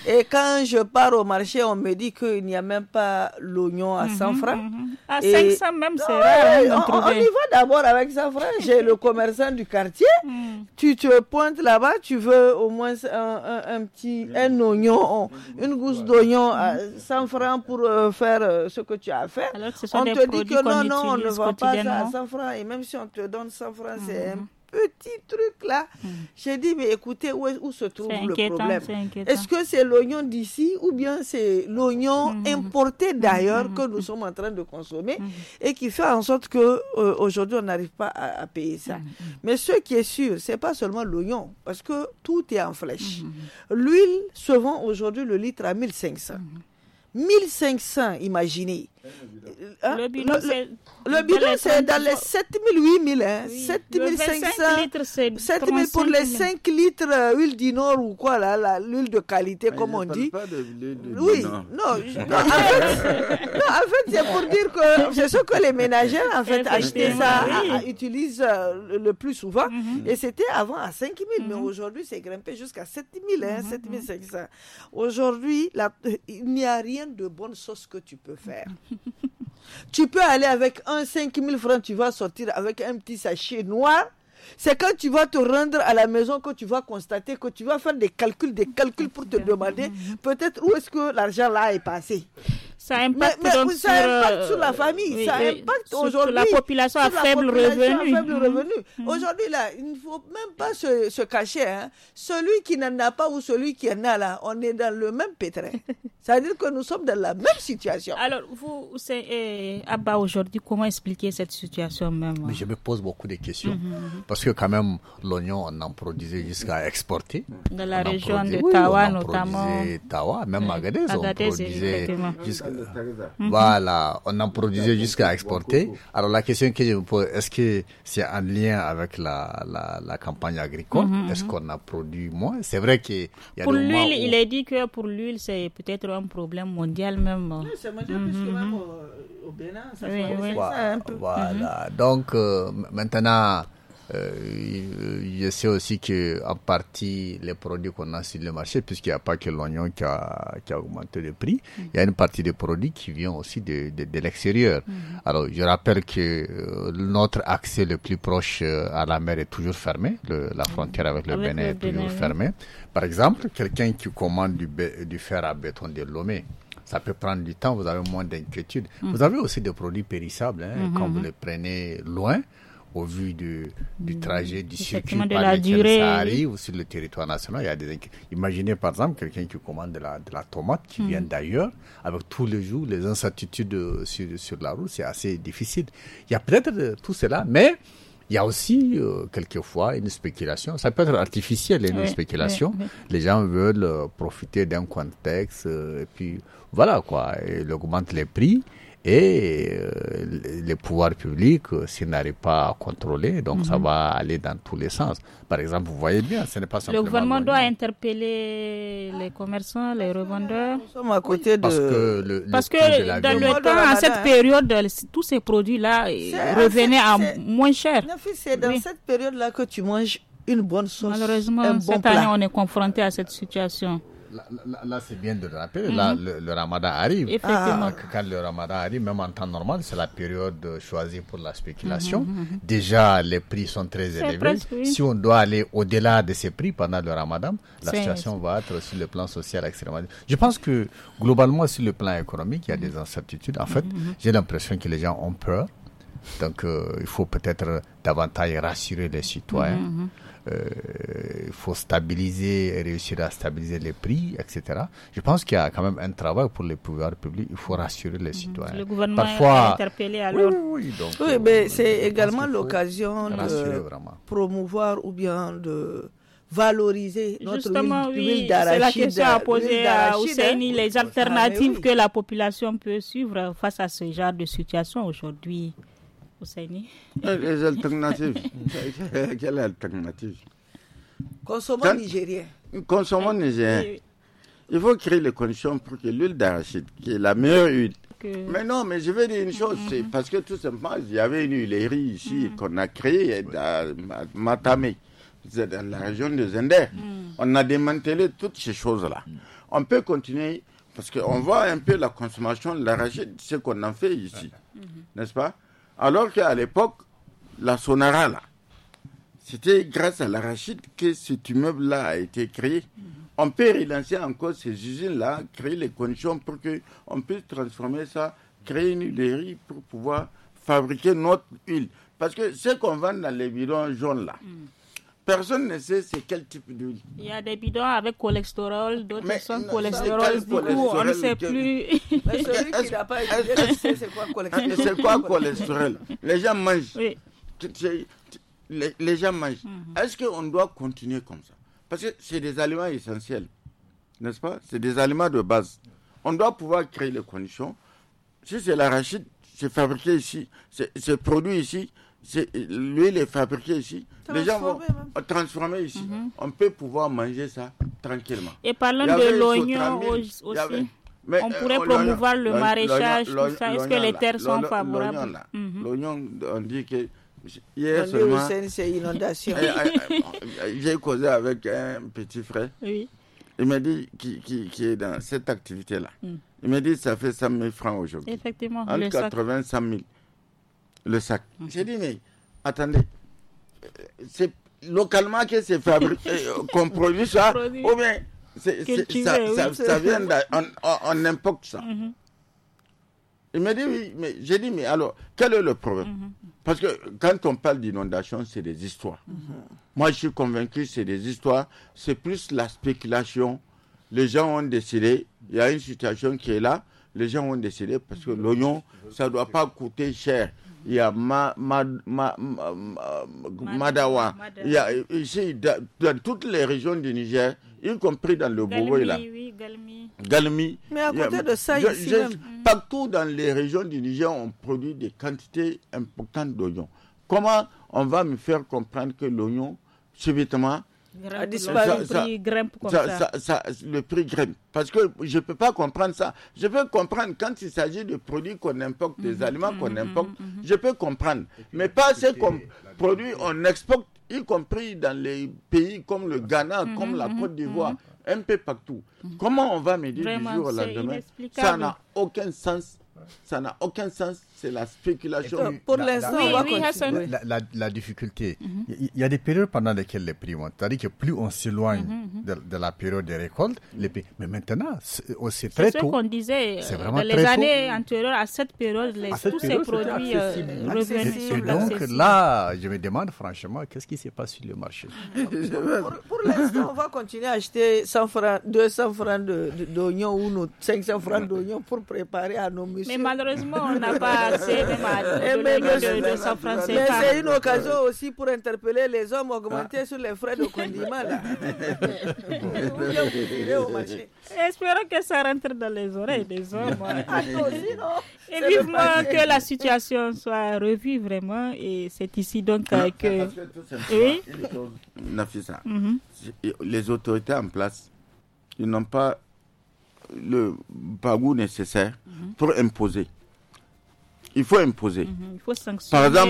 [SPEAKER 5] et quand je pars au marché, on me dit qu'il n'y a même pas l'oignon à 100 mhm, francs. Mhm,
[SPEAKER 4] mhm. À 500 même, c'est ah rare. Hein, on, y
[SPEAKER 5] va d'abord avec 100 francs. J'ai le commerçant du quartier. Hmm. tu te pointes là-bas, tu veux au moins un, petit un oignon, une gousse d'oignon à 100 francs pour euh, faire euh, ce que tu as fait, on te dit que non, non, on ne vend pas ça à 100 francs. Et même si on te donne 100 francs, c'est un mhm. petit truc là. Mhm. J'ai dit, mais écoutez, où, se trouve le problème Est-ce que c'est l'oignon d'ici ou bien c'est l'oignon mhm. importé d'ailleurs que nous sommes en train de consommer et qui fait en sorte que euh, aujourd'hui on n'arrive pas à, payer ça. Mais ce qui est sûr, c'est pas seulement l'oignon parce que tout est en flèche. L'huile se vend aujourd'hui le litre à 1500. 1500, imaginez. Ah, le bidon, c'est dans les 7000, 8000, hein? 7500. 7000 pour les 5 litres euh, huile du Nord ou quoi, l'huile de qualité, comme on dit. oui, non. en fait, c'est pour dire que c'est ce que les ménagères, en fait, achetaient ça, utilisent euh, le plus souvent. Mm-hmm. Et c'était avant à 5000. Mais mm-hmm. aujourd'hui, c'est grimpé jusqu'à 7000, 7500. Hein, mm-hmm. Aujourd'hui, il n'y a rien de bonne sauce que tu peux faire tu peux aller avec un 5000 francs, tu vas sortir avec un petit sachet noir c'est quand tu vas te rendre à la maison que tu vas constater que tu vas faire des calculs, des calculs pour te demander peut-être où est-ce que l'argent là est passé. Ça impacte, sur, euh, sur, la famille, ça impacte aujourd'hui la population à faible mhm. revenu. Mhm. Aujourd'hui là, il ne faut même pas se, cacher. Hein. Celui qui n'en a pas ou celui qui en a là, on est dans le même pétrin. ça veut dire que nous sommes dans la même situation.
[SPEAKER 1] Alors vous, c'est Abba aujourd'hui, comment expliquer cette situation même Mais je
[SPEAKER 2] me pose beaucoup de questions. Mhm. Parce que quand même, l'oignon, on en produisait jusqu'à exporter. Dans la région de Tawa, notamment. on notamment. Tawa, même Agadez, on produisait jusqu'à... Mhm. Voilà, on en produisait jusqu'à exporter. Alors la question que je vous pose, est-ce que c'est en lien avec la, la, campagne agricole mhm, Est-ce mhm. qu'on a produit moins C'est vrai qu'il y a Pour l'huile, il est
[SPEAKER 1] dit que pour l'huile, c'est peut-être un problème mondial même. Oui, c'est mondial puisque même euh,
[SPEAKER 5] au, Bénin, ça oui, oui. Voilà, un peu. voilà.
[SPEAKER 2] donc euh, maintenant je euh, euh, sais aussi qu'en partie, les produits qu'on a sur le marché, puisqu'il n'y a pas que l'oignon qui a, augmenté le prix, il y a une partie des produits qui vient aussi de, de, l'extérieur. Mhm. Alors, je rappelle que euh, notre accès le plus proche à la mer est toujours fermé. la mhm. frontière avec le Bénin est toujours fermée. Par exemple, quelqu'un qui commande du, du, fer à béton de Lomé, ça peut prendre du temps, vous avez moins d'inquiétude. Mhm. Vous avez aussi des produits périssables, hein, quand vous les prenez loin, au vu du, mm. trajet, du circuit de par la durée. ça arrive sur le territoire national. Il y a des... Imaginez par exemple quelqu'un qui commande de la, de la tomate qui mm. vient d'ailleurs, avec tous les jours les incertitudes euh, sur, la route, c'est assez difficile. Il y a peut-être tout cela, mais il y a aussi euh, quelquefois une spéculation. Ça peut être artificiel, hein, une spéculation. Les gens veulent euh, profiter d'un contexte et puis voilà quoi. Ils augmentent les prix et euh, les pouvoirs publics, euh, s'ils n'arrivent pas à contrôler, donc ça mhm. va aller dans tous les sens. Par exemple, vous voyez bien, ce n'est pas simplement... Le gouvernement
[SPEAKER 1] doit interpeller les commerçants, les revendeurs. Nous sommes à
[SPEAKER 2] côté de... Parce que, dans
[SPEAKER 1] le temps, en cette hein. période, tous ces produits-là
[SPEAKER 5] ah, revenaient à moins cher. C'est dans cette période-là que tu manges une bonne sauce, Malheureusement, un bon cette année, on
[SPEAKER 1] est confronté à cette situation.
[SPEAKER 2] Là, c'est bien de le rappeler. Mhm. le, ramadan arrive. Effectivement. Ah, quand le ramadan arrive, même en temps normal, c'est la période choisie pour la spéculation. Mhm, mhm, Déjà, les prix sont très élevés. Si on doit aller au-delà de ces prix pendant le ramadan, la situation va être sur le plan social extrêmement. Je pense que globalement, sur le plan économique, il y a des incertitudes. En fait, j'ai l'impression que les gens ont peur. Donc, euh, il faut peut-être euh, davantage rassurer les citoyens. Euh, il faut stabiliser, réussir à stabiliser les prix, etc. Je pense qu'il y a quand même un travail pour les pouvoirs publics. Il faut rassurer les mhm. citoyens. Le gouvernement Parfois, est interpellé
[SPEAKER 5] alors. Oui, mais euh, c'est également l'occasion de promouvoir ou bien de valoriser notre huile, c'est la question
[SPEAKER 1] à poser à Ousseini, hein. les alternatives ah, que la population peut suivre face à ce genre de situation aujourd'hui. Eh,
[SPEAKER 3] les alternatives. Quelle alternative Consommons nigérien. Consommons eh, nigérien. Il faut créer les conditions pour que l'huile d'arachide, qui est la meilleure huile,
[SPEAKER 4] Mais non, mais je veux dire une
[SPEAKER 3] chose, c'est mhm. parce que tout simplement, il y avait une huilerie ici mhm. qu'on a créée à Matame, c'est dans la région de Zender. Mhm. On a démantelé toutes ces choses-là. On peut continuer, parce qu'on voit un peu la consommation de l'arachide, ce qu'on a fait ici, n'est-ce pas alors qu'à l'époque, la Sonara, là, c'était grâce à l'arachide que cet immeuble-là a été créé. On peut relancer encore ces usines-là, créer les conditions pour qu'on puisse transformer ça, créer une huilerie pour pouvoir fabriquer notre huile. Parce que ce qu'on vend dans les bidons jaunes-là, mm. Personne ne sait c'est quel type d'huile. Il
[SPEAKER 1] y a des bidons avec cholestérol, d'autres sans cholestérol. Du coup, on ne sait plus. Mais celui qui n'a pas sait c'est quoi cholestérol ah, C'est quoi cholestérol
[SPEAKER 3] Les gens mangent. Les, gens mangent. Mhm. Est-ce qu'on doit continuer comme ça Parce que c'est des aliments essentiels, n'est-ce pas C'est des aliments de base. On doit pouvoir créer les conditions. Si c'est l'arachide, c'est fabriqué ici, c'est produit ici, l'huile est fabriquée ici, les gens vont transformer oh, ici. Mhm. On peut pouvoir manger ça tranquillement. Et parlant de l'oignon aussi, on euh, pourrait oh, promouvoir le maraîchage, tout ça. Est-ce que les terres sont favorables mhm. L'oignon, on dit que hier seulement... c'est
[SPEAKER 5] inondation. Eh, eh,
[SPEAKER 3] eh, j'ai causé avec un petit frère. Oui. Il m'a dit qui, qui, qui, est dans cette activité-là. Mhm. Il m'a dit ça fait 100 000 francs aujourd'hui. Effectivement. Entre 80 000 le sac. Mhm. J'ai dit, mais attendez, euh, c'est localement que c'est fabriqué, euh, qu'on produit ça, ou bien ça, vient, on, importe ça. Mhm. Il m'a dit, oui, mais j'ai dit, mais alors, quel est le problème mhm. Parce que quand on parle d'inondation, c'est des histoires. Moi, je suis convaincu, c'est des histoires, c'est plus la spéculation. Les gens ont décidé, il y a une situation qui est là, les gens ont décidé parce que l'oignon, ça ne doit pas coûter cher. Il ma, ma, Madawa, il y a ici, dans toutes les régions du Niger, y compris dans le Bobo là. Oui, Galmi. Galmi. Mais à côté de ça, ici même. partout dans les régions du Niger, on produit des quantités importantes d'oignons. Comment on va me faire comprendre que l'oignon, subitement,
[SPEAKER 1] le prix ça, grimpe
[SPEAKER 3] Le grimpe. Parce que je ne peux pas comprendre ça. Je peux comprendre quand il s'agit de produits qu'on importe, des mhm. aliments qu'on mhm. importe, mhm. je peux comprendre. Mais pas ces produits on exporte, y compris dans les pays comme le Ghana, comme la Côte d'Ivoire, un peu partout. Comment on va me dire du jour au lendemain Ça n'a aucun sens ça n'a aucun sens, c'est la spéculation. pour l'instant,
[SPEAKER 2] la, la, difficulté, mhm. il y a des périodes pendant lesquelles les prix montent. C'est-à-dire que plus on s'éloigne mhm, mhm. de, la période des récoltes, les prix. Mais maintenant, c'est oh, très tôt. C'est ce qu'on
[SPEAKER 1] disait euh, les années antérieures à cette période, les,
[SPEAKER 5] tous ces produits euh, donc là,
[SPEAKER 2] je me demande franchement, qu'est-ce qui se passe sur le marché
[SPEAKER 5] Pour, l'instant, on va continuer à acheter francs, 200 francs d'oignons ou 500 francs d'oignons pour préparer à nos missions. Et malheureusement, on n'a pas assez de, mal. Eh, c'est une occasion aussi pour interpeller les hommes augmentés ah. sur les frais de condiment.
[SPEAKER 1] Espérons que ça rentre dans les oreilles des hommes. Hein. Ah,
[SPEAKER 5] et vivement
[SPEAKER 1] que la situation soit revue vraiment. Et c'est ici donc euh, que. Oui.
[SPEAKER 3] Mhm. Les autorités en place, ils n'ont pas le bagou nécessaire mhm. pour imposer. Il faut imposer. Mhm. Il faut sanctionner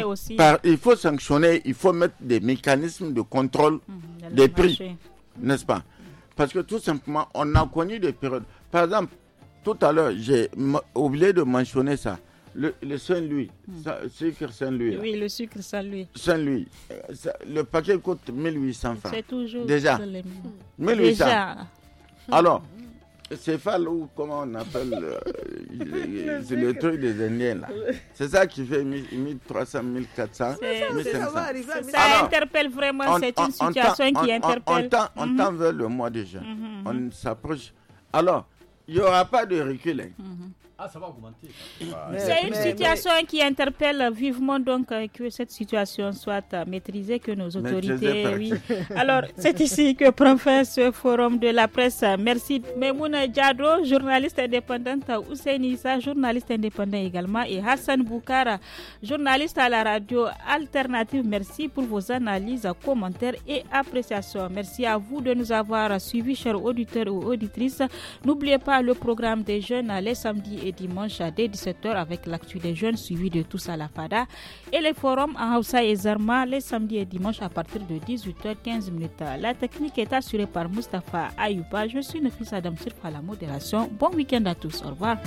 [SPEAKER 3] il faut sanctionner, il faut mettre des mécanismes de contrôle mhm. des prix, n'est-ce pas Parce que tout simplement, on a connu des périodes. Par exemple, tout à l'heure, j'ai oublié de mentionner ça. Le, Saint-Louis, le sucre Saint-Louis. Oui,
[SPEAKER 1] le sucre Saint-Louis.
[SPEAKER 3] Saint-Louis. Euh, le paquet coûte 1800 francs. C'est toujours. Déjà. 1800. Déjà. Alors, céphale ou comment on appelle euh, c'est le truc des Indiens là. C'est ça qui fait 1300, 1400, 1500. Ça, ça
[SPEAKER 1] interpelle vraiment, c'est une situation qui interpelle. On, on mhm. t'en veut le
[SPEAKER 3] mois de juin. Mhm, on mhm. s'approche. Alors, il n'y aura pas de recul.
[SPEAKER 2] Ah, ça va C'est une
[SPEAKER 1] situation qui interpelle vivement donc euh, que cette situation soit euh, maîtrisée, que nos autorités. Alors, c'est ici que prend fin ce forum de la presse. Merci. Memouna Diado, journaliste indépendante, Hussein Issa, journaliste indépendant également, et Hassan Boukara, journaliste à la radio alternative. Merci pour vos analyses, commentaires et appréciations. Merci à vous de nous avoir suivis, chers auditeurs ou auditrices. N'oubliez pas le programme des jeunes les samedis et dimanche à 17h avec l'actu des jeunes suivi de tous à la FADA et les forums en Hausa et Zarma les samedis et dimanches à partir de 18h15. La technique est assurée par Mustapha Ayouba. Je suis fils Adam sur la modération. Bon week-end à tous. Au revoir.